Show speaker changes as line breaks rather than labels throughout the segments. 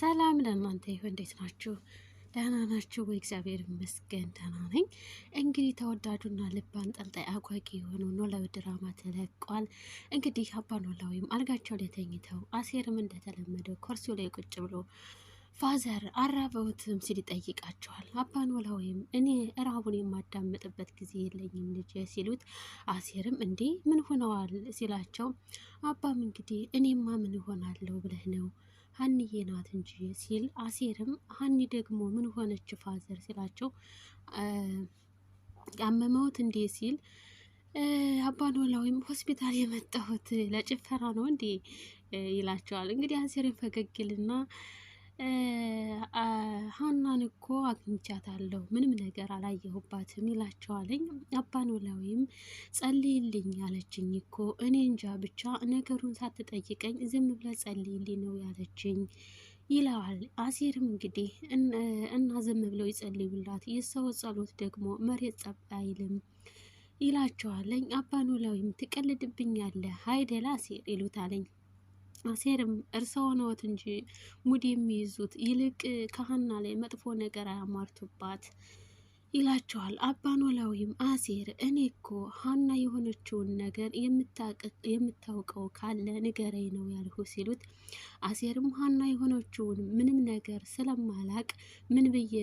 ሰላም ለእናንተ ይሁን። እንዴት ናችሁ? ደህና ናችሁ ወይ? እግዚአብሔር ይመስገን ደህና ነኝ። እንግዲህ ተወዳጁና ልብ አንጠልጣይ አጓጊ የሆነው ኖላዊ ድራማ ተለቋል። እንግዲህ አባ ኖላዊም አልጋቸው ላይ ተኝተው አሴርም እንደተለመደው ኮርሲው ላይ ቁጭ ብሎ ፋዘር አራበውትም ሲል ይጠይቃቸዋል። አባ ኖላዊም እኔ ራቡን የማዳመጥበት ጊዜ የለኝም ልጅ ሲሉት፣ አሴርም እንዴ ምን ሆነዋል ሲላቸው፣ አባም እንግዲህ እኔማ ምን እሆናለሁ ብለህ ነው ሀኒዬ ናት እንጂ ሲል አሴርም ሀኒ ደግሞ ምን ሆነች ፋዘር ሲላቸው አመመውት እንዴ ሲል ወይም ሆስፒታል የመጣሁት ለጭፈራ ነው እንዴ ይላቸዋል። እንግዲህ አሴርን ፈገግልና ሀናን እኮ አግኝቻታለሁ ምንም ነገር አላየሁባትም ይላቸዋለኝ። አባኖላዊም ጸልይልኝ ያለችኝ እኮ እኔ እንጃ ብቻ ነገሩን ሳትጠይቀኝ ዝም ብለ ጸልይልኝ ነው ያለችኝ ይለዋል። አሴርም እንግዲህ እና ዝም ብለው ይጸልዩላት፣ የሰው ጸሎት ደግሞ መሬት ጸብ አይልም ይላቸዋለኝ። አባኖላዊም ትቀልድብኛለህ አይደል አሴር ይሉታለኝ። ሴርም እርሰው ነዎት እንጂ ሙድ የሚይዙት ይልቅ ከሀና ላይ መጥፎ ነገር አያሟርቱባት ይላቸዋል። አባኖላዊም አሴር እኔ እኮ ሀና የሆነችውን ነገር የምታውቀው ካለ ንገረኝ ነው ያልሁ ሲሉት፣ አሴርም ሀና የሆነችውን ምንም ነገር ስለማላቅ ምን ብዬ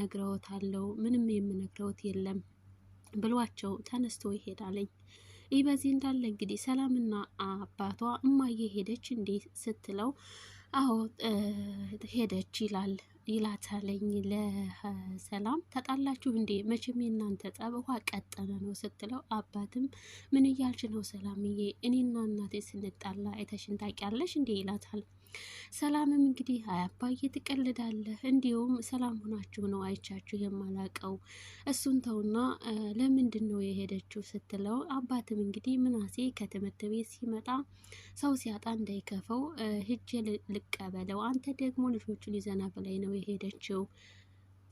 ነግረዎታለሁ? ምንም የምነግረውት የለም ብሏቸው ተነስቶ ይሄዳለኝ። ይህ በዚህ እንዳለ እንግዲህ ሰላምና አባቷ እማዬ ሄደች እንዴ ስትለው አዎ ሄደች ይላል ይላታለኝ ለሰላም ተጣላችሁ እንዴ? መቼም የእናንተ ጠብ ውሃ ቀጠነ ነው ስትለው፣ አባትም ምን እያልች ነው ሰላምዬ? እኔና እናቴ ስንጣላ አይተሽን ታውቂያለሽ እንዴ? ይላታል። ሰላምም እንግዲህ አይ አባዬ ትቀልዳለህ፣ እንዲሁም ሰላም ሆናችሁ ነው አይቻችሁ የማላቀው እሱን ተውና ለምንድን ነው የሄደችው ስትለው አባትም እንግዲህ ምናሴ ከትምህርት ቤት ሲመጣ ሰው ሲያጣ እንዳይከፈው ሂጄ ልቀበለው፣ አንተ ደግሞ ልጆቹን ይዘና በላይ ነው የሄደችው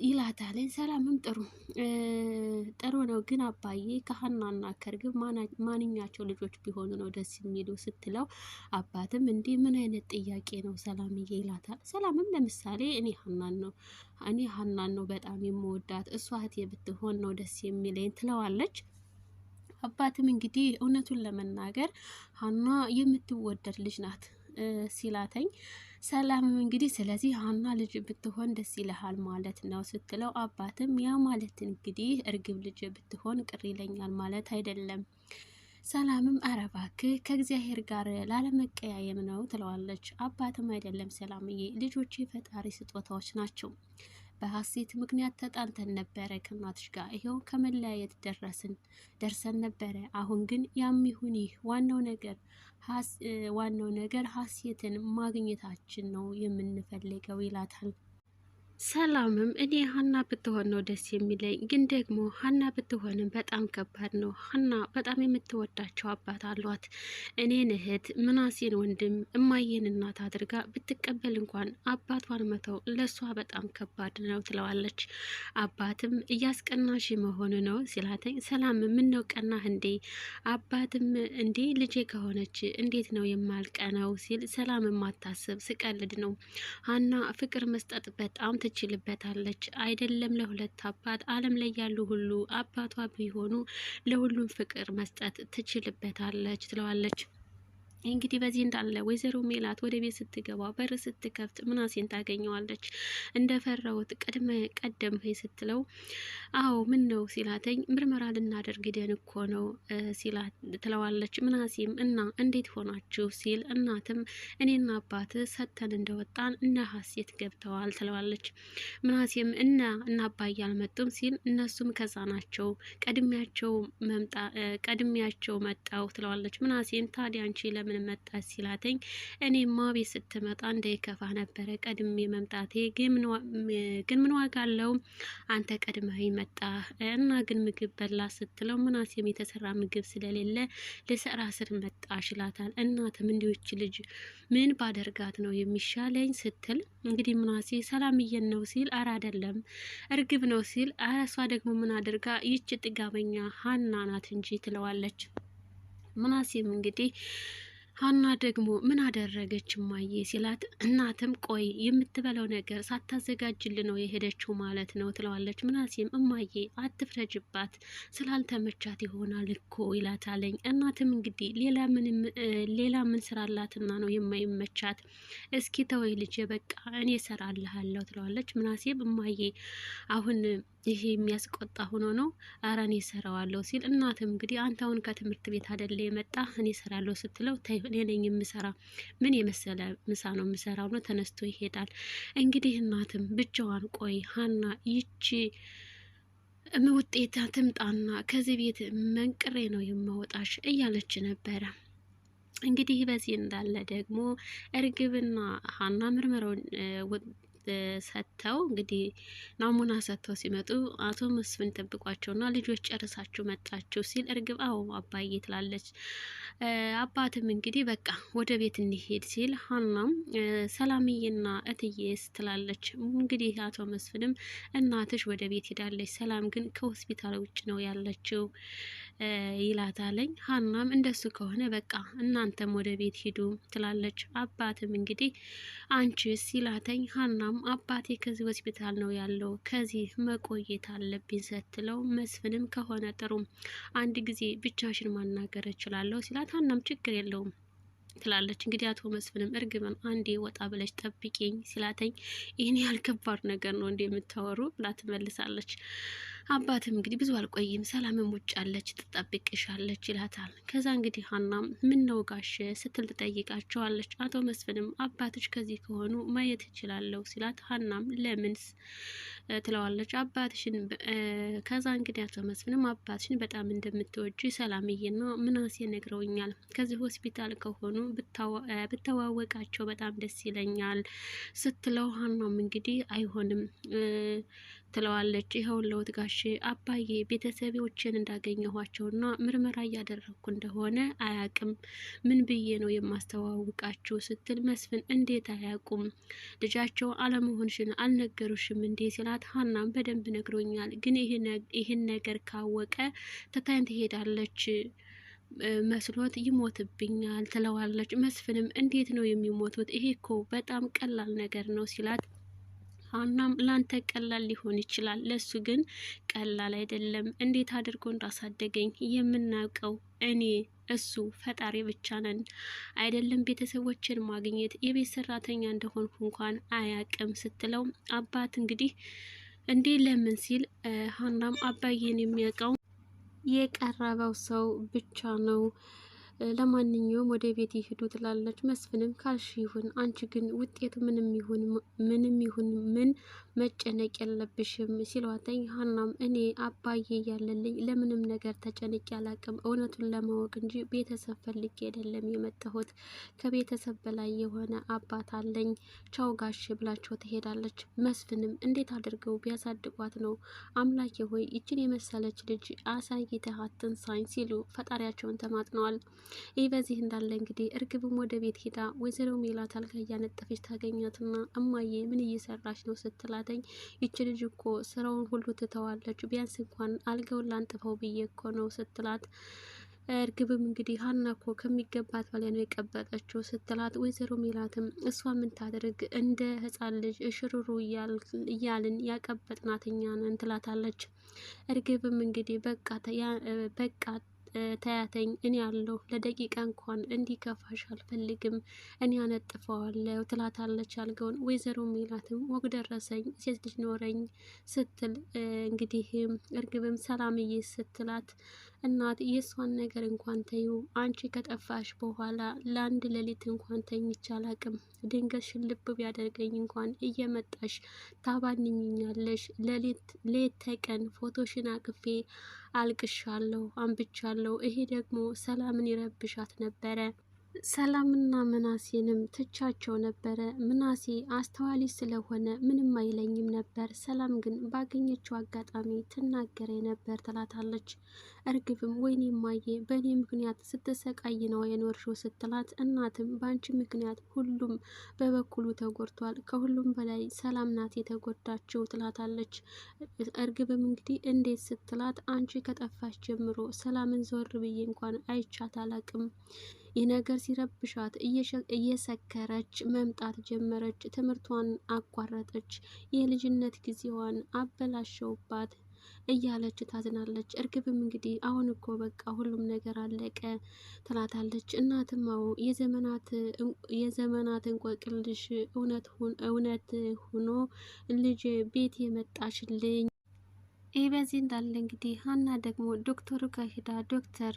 ይላታል። ሰላምም ጥሩ ጥሩ ነው፣ ግን አባዬ ከሀናና ከርግብ ማንኛቸው ልጆች ቢሆኑ ነው ደስ የሚሉ ስትለው፣ አባትም እንዲህ ምን አይነት ጥያቄ ነው ሰላምዬ? ይላታል። ሰላምም ለምሳሌ እኔ ሀናን ነው እኔ ሀናን ነው በጣም የምወዳት እሷ እህቴ ብትሆን ነው ደስ የሚለኝ ትለዋለች። አባትም እንግዲህ እውነቱን ለመናገር ሀና የምትወደድ ልጅ ናት ሲላተኝ ሰላምም እንግዲህ ስለዚህ ሀና ልጅ ብትሆን ደስ ይልሃል ማለት ነው ስትለው አባትም ያ ማለት እንግዲህ እርግብ ልጅ ብትሆን ቅር ይለኛል ማለት አይደለም። ሰላምም አረባክ ከእግዚአብሔር ጋር ላለመቀያየም ነው ትለዋለች። አባትም አይደለም ሰላምዬ፣ ልጆቼ ፈጣሪ ስጦታዎች ናቸው በሀሴት ምክንያት ተጣልተን ነበረ ከእናትሽ ጋር ይኸው ከመለያየት ደረስን ደርሰን ነበረ። አሁን ግን ያም ይሁን ይህ ዋናው ነገር ዋናው ነገር ሀሴትን ማግኘታችን ነው የምንፈልገው ይላታል። ሰላምም እኔ ሀና ብትሆን ነው ደስ የሚለኝ፣ ግን ደግሞ ሀና ብትሆንም በጣም ከባድ ነው። ሀና በጣም የምትወዳቸው አባት አሏት። እኔን እህት፣ ምናሴን ወንድም፣ እማዬን እናት አድርጋ ብትቀበል እንኳን አባቷን መተው ለእሷ በጣም ከባድ ነው ትለዋለች። አባትም እያስቀናሽ መሆኑ ነው ሲላተኝ፣ ሰላም ምነው ቀናህ እንዴ? አባትም እንዴ ልጄ ከሆነች እንዴት ነው የማልቀነው ሲል፣ ሰላም የማታስብ ስቀልድ ነው ሀና ፍቅር መስጠት በጣም ትችልበታለች። አይደለም ለሁለት አባት ዓለም ላይ ያሉ ሁሉ አባቷ ቢሆኑ ለሁሉም ፍቅር መስጠት ትችልበታለች ትለዋለች። እንግዲህ በዚህ እንዳለ ወይዘሮ ሜላት ወደ ቤት ስትገባ በር ስትከፍት ምናሴን ታገኘዋለች። እንደፈራሁት ቀድመ ቀደም ስትለው አዎ ምን ነው ሲላተኝ ምርመራ ልናደርግ ደን እኮ ነው ሲላት ትለዋለች። ምናሴም እና እንዴት ሆናችሁ ሲል እናትም እኔና አባት ሰጥተን እንደወጣን እነ ሀሴት ገብተዋል ትለዋለች። ምናሴም እና እና አልመጡም ሲል እነሱም ከዛ ናቸው ቀድሚያቸው መምጣ ቀድሚያቸው መጣው ትለዋለች። ምናሴም ታዲያ አንቺ ለ ለምን መጣ ሲላተኝ እኔማ ቤት ስትመጣ እንዳይከፋህ ነበረ ቀድሜ መምጣቴ ግን ምን ዋጋ አለው አንተ ቀድመህ መጣ እና ግን ምግብ በላ ስትለው ምናሴም የተሰራ ምግብ ስለሌለ ልሰራ ስር መጣሽ ይላታል። እናትም እንዲዎች ልጅ ምን ባደርጋት ነው የሚሻለኝ ስትል እንግዲህ ምናሴ ሰላምዬን ነው ሲል አረ አይደለም እርግብ ነው ሲል አረ እሷ ደግሞ ምን አድርጋ ይች ጥጋበኛ ሀና ናት እንጂ ትለዋለች። ምናሴም እንግዲህ ሀና ደግሞ ምን አደረገች ማዬ ሲላት፣ እናትም ቆይ የምትበለው ነገር ሳታዘጋጅል ነው የሄደችው ማለት ነው ትለዋለች። ምናሴም እማዬ አትፍረጅባት ስላልተመቻት ይሆናል እኮ ይላታለኝ። እናትም እንግዲህ ሌላ ምን ስራላትና ነው የማይመቻት? እስኪ ተወይ ልጄ በቃ እኔ ሰራልሃለሁ ትለዋለች። ምናሴም እማዬ አሁን ይሄ የሚያስቆጣ ሆኖ ነው። አረ እኔ እሰራዋለሁ ሲል እናትም እንግዲህ አንተ አሁን ከትምህርት ቤት አይደለ የመጣ እኔ እሰራለሁ ስትለው እኔ ነኝ የምሰራ ምን የመሰለ ምሳ ነው የምሰራው ነው ተነስቶ ይሄዳል። እንግዲህ እናትም ብቻዋን ቆይ ሀና ይቺ ውጤታ ትምጣና ከዚህ ቤት መንቅሬ ነው የማወጣሽ እያለች ነበረ። እንግዲህ በዚህ እንዳለ ደግሞ እርግብና ሀና ምርመራውን ሰጥተው እንግዲህ ናሙና ሰጥተው ሲመጡ አቶ መስፍን ጠብቋቸውና ልጆች ጨርሳችሁ መጣችሁ ሲል እርግብ አዎ አባዬ ትላለች። አባትም እንግዲህ በቃ ወደ ቤት እንሄድ ሲል ሀናም ሰላምዬና እትዬስ ትላለች። እንግዲህ አቶ መስፍንም እናትሽ ወደ ቤት ሄዳለች፣ ሰላም ግን ከሆስፒታል ውጭ ነው ያለችው ይላታለኝ። ሀናም እንደሱ ከሆነ በቃ እናንተም ወደ ቤት ሂዱ ትላለች። አባትም እንግዲህ አንቺስ ይላተኝ። ሀናም አባቴ ከዚህ ሆስፒታል ነው ያለው ከዚህ መቆየት አለብኝ ስትለው መስፍንም ከሆነ ጥሩ አንድ ጊዜ ብቻሽን ማናገር እችላለሁ ሲላት ሀናም ችግር የለውም ትላለች እንግዲህ አቶ መስፍንም እርግብም አንዴ ወጣ ብለች ጠብቂኝ ሲላተኝ ይህን ያህል ከባድ ነገር ነው እንደ የምታወሩ ብላ ትመልሳለች። አባትም እንግዲህ ብዙ አልቆይም፣ ሰላምም ውጭ አለች ትጠብቅሻለች ይላታል። ከዛ እንግዲህ ሀና ምን ነው ጋሽ ስትል ትጠይቃቸዋለች። አቶ መስፍንም አባትሽ ከዚህ ከሆኑ ማየት እችላለሁ ሲላት ሀናም ለምንስ ትለዋለች። አባትሽን ከዛ እንግዲህ አቶ መስፍንም አባትሽን በጣም እንደምትወጂ ሰላምዬና ምናሴ ነግረውኛል። ከዚህ ሆስፒታል ከሆኑ ብተዋወቃቸው በጣም ደስ ይለኛል ስትለው ሀናም እንግዲህ አይሆንም ትለዋለች። ለውት ጋሼ አባዬ ቤተሰቦቼን እንዳገኘኋቸውና ምርመራ እያደረግኩ እንደሆነ አያቅም። ምን ብዬ ነው የማስተዋውቃችሁ ስትል መስፍን እንዴት አያውቁም ልጃቸው አለመሆንሽን አልነገሩሽም እንዴ ሲላት ሀናም በደንብ ነግሮኛል፣ ግን ይህን ነገር ካወቀ ትታኝ ትሄዳለች መስሎት ይሞትብኛል ትለዋለች። መስፍንም እንዴት ነው የሚሞቱት? ይሄ እኮ በጣም ቀላል ነገር ነው ሲላት ሀናም ላንተ ቀላል ሊሆን ይችላል፣ ለሱ ግን ቀላል አይደለም። እንዴት አድርጎ እንዳሳደገኝ የምናውቀው እኔ እሱ ፈጣሪ ብቻ ነን። አይደለም ቤተሰቦችን ማግኘት የቤት ሰራተኛ እንደሆንኩ እንኳን አያቅም ስትለው አባት እንግዲህ እንዴ ለምን ሲል ሀናም አባዬን የሚያውቀው የቀረበው ሰው ብቻ ነው ለማንኛውም ወደ ቤት ይሄዱ ትላለች። መስፍንም ካልሽ ይሁን፣ አንቺ ግን ውጤቱ ምንም ይሁን ምንም ይሁን ምን መጨነቅ የለብሽም ሲሏተኝ፣ ሀናም እኔ አባዬ እያለልኝ ለምንም ነገር ተጨንቄ አላቅም እውነቱን ለማወቅ እንጂ ቤተሰብ ፈልጌ አይደለም የመጣሁት። ከቤተሰብ በላይ የሆነ አባት አለኝ። ቻው ጋሽ ብላቸው ትሄዳለች። መስፍንም እንዴት አድርገው ቢያሳድጓት ነው? አምላኬ ሆይ ይችን የመሰለች ልጅ አሳይተህ አትንሳኝ ሲሉ ፈጣሪያቸውን ተማጥነዋል። ይህ በዚህ እንዳለ እንግዲህ እርግብም ወደ ቤት ሄዳ ወይዘሮ ሜላት አልጋ እያነጠፈች ታገኛትና እማዬ ምን እየሰራች ነው ስትላተኝ ይች ልጅ እኮ ስራውን ሁሉ ትተዋለች፣ ቢያንስ እንኳን አልጋውን ላንጥፈው ብዬ እኮ ነው ስትላት እርግብም እንግዲህ ሀና እኮ ከሚገባት በላይ ነው የቀበጠችው ስትላት፣ ወይዘሮ ሜላትም እሷ ምን ታደርግ እንደ ህፃን ልጅ እሽሩሩ እያልን ያቀበጥናት እኛ ነን ትላታለች። እርግብም እንግዲህ በቃ ተያተኝ እኔ ያለሁ ለደቂቃ እንኳን እንዲከፋሽ አልፈልግም፣ እኔ አነጥፈዋለሁ ትላታለች አልጋውን። ወይዘሮ ሚላትም ወግ ደረሰኝ ሴት ልጅ ኖረኝ ስትል እንግዲህ እርግብም ሰላምዬ ስትላት እናት የእሷን ነገር እንኳን ተዩ። አንቺ ከጠፋሽ በኋላ ለአንድ ሌሊት እንኳን ተኝቼ አላቅም። ድንገት ሽልብ ቢያደርገኝ እንኳን እየመጣሽ ታባንኝኛለሽ። ሌሊት ሌት ተቀን ፎቶሽን አቅፌ አልቅሻለሁ፣ አንብቻለሁ። ይሄ ደግሞ ሰላምን ይረብሻት ነበረ። ሰላምና ምናሴንም ትቻቸው ነበረ። ምናሴ አስተዋሊ ስለሆነ ምንም አይለኝም ነበር፣ ሰላም ግን ባገኘችው አጋጣሚ ትናገረ ነበር ትላታለች። እርግብም ወይኔ ማዬ በእኔ ምክንያት ስትሰቃይ ነው የኖርሽው ስትላት፣ እናትም በአንቺ ምክንያት ሁሉም በበኩሉ ተጎድቷል፣ ከሁሉም በላይ ሰላም ናት የተጎዳችው ትላታለች። እርግብም እንግዲህ እንዴት ስትላት፣ አንቺ ከጠፋች ጀምሮ ሰላምን ዘወር ብዬ እንኳን አይቻት አላቅም ይህ ነገር ሲረብሻት እየሰከረች መምጣት ጀመረች። ትምህርቷን አቋረጠች። የልጅነት ጊዜዋን አበላሸውባት እያለች ታዝናለች። እርግብም እንግዲህ አሁን እኮ በቃ ሁሉም ነገር አለቀ ትላታለች። እናትማው የዘመናት እንቆቅልሽ እውነት ሆኖ ልጅ ቤት የመጣሽልኝ ይህ በዚህ እንዳለ እንግዲህ ሀና ደግሞ ዶክተሩ ጋር ሄዳ ዶክተሩ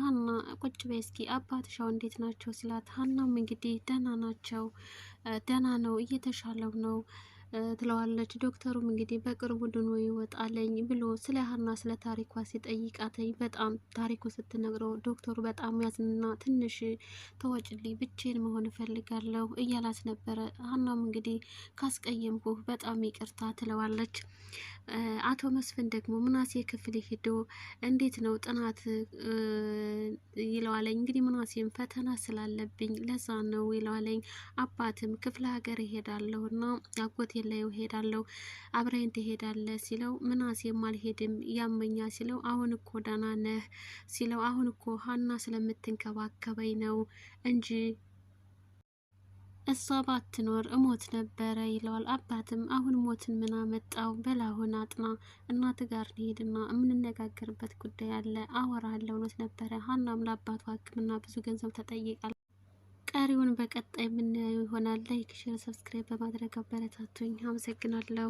ሀና ቁጭ በይ እስኪ አባትሻው እንዴት ናቸው ሲላት፣ ሀናም እንግዲህ ደህና ናቸው፣ ደህና ነው፣ እየተሻለው ነው ትለዋለች። ዶክተሩም እንግዲህ በቅርቡ ድኖ ይወጣለኝ ብሎ ስለ ሀና ስለ ታሪኳ ሲጠይቃተኝ በጣም ታሪኩ ስትነግረው ዶክተሩ በጣም ያዝንና ትንሽ ተወጭልኝ ብቼን መሆን እፈልጋለሁ እያላት ነበረ። ሀናም እንግዲህ ካስቀየምኩ በጣም ይቅርታ ትለዋለች። አቶ መስፍን ደግሞ ምናሴ ክፍል ሄዶ እንዴት ነው ጥናት ይለዋለኝ። እንግዲህ ምናሴም ፈተና ስላለብኝ ለዛ ነው ይለዋለኝ። አባትም ክፍለ ሀገር እሄዳለሁና አጎቴ ሆቴል ላይ እሄዳለሁ አብረኝ ትሄዳለህ ሲለው ምናሴም አልሄድም ያመኛ ሲለው አሁን እኮ ዳና ነህ ሲለው አሁን እኮ ሀና ስለምትንከባከበኝ ነው እንጂ እሷ ባትኖር እሞት ነበረ ይለዋል። አባትም አሁን ሞትን ምን አመጣው በላሁን አጥና እናት ጋር እንሄድና የምንነጋገርበት ጉዳይ አለ አወራለሁ እውነት ነበረ። ሀናም ለአባቷ ሕክምና ብዙ ገንዘብ ተጠይቃል። ቀሪውን በቀጣይ የምናየው ይሆናል። ላይክ፣ ሼር፣ ሰብስክራይብ በማድረግ አበረታቱኝ። አመሰግናለሁ።